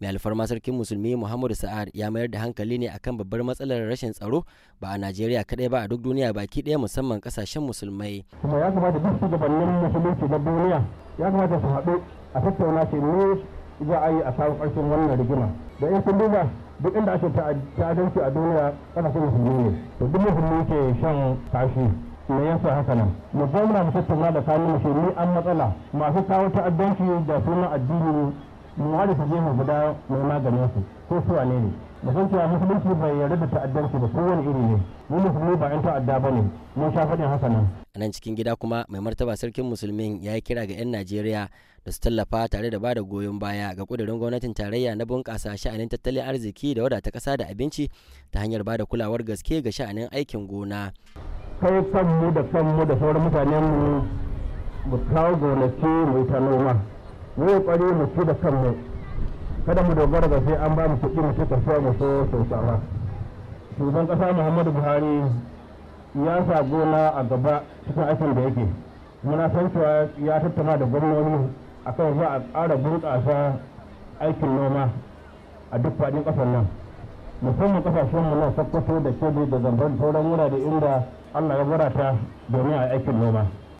mai alfarma sarkin musulmi muhammadu sa'ad ya mayar da hankali ne akan babbar matsalar rashin tsaro ba a najeriya kadai ba a duk duniya baki ɗaya musamman kasashen musulmai kuma ya kamata duk shugabannin musulunci na duniya ya kamata su haɗu a tattauna shi ne za a yi a samu ƙarshen wannan rigima da in kun duba duk inda ake ta'addanci a duniya kasashen musulmi ne to duk musulmi ke shan tashi me sa haka nan mu zauna mu tattauna da kanin musulmi an matsala masu kawo ta'addanci da sunan addini mu wani su jefa mu guda mai maganin su ko su wane ne da san cewa musulunci bai yarda da ta'addanci da kowane iri ne mu musulmi ba yan ta'adda ba ne mun sha faɗin haka nan a nan cikin gida kuma mai martaba sarkin musulmin ya yi kira ga 'yan najeriya da su tallafa tare da bada goyon baya ga kudirin gwamnatin tarayya na bunƙasa sha'anin tattalin arziki da wadata ƙasa da abinci ta hanyar bada kulawar gaske ga sha'anin aikin gona kai kanmu da kanmu da sauran mutanen mu mu kawo gonaki mu ta noma mu kokari mu ci da kanmu kada mu dogara ga sai an ba mu kuɗi mu cika shi mu so kyautawa shugaban ƙasa muhammadu buhari ya sa gona a gaba cikin aikin da yake muna san cewa ya tattauna da gwamnoni akan za a ƙara bunƙasa aikin noma a duk faɗin ƙasar nan musamman ƙasashen mu na sokoto da kebe da zambar sauran wurare inda allah ya barata domin a aikin noma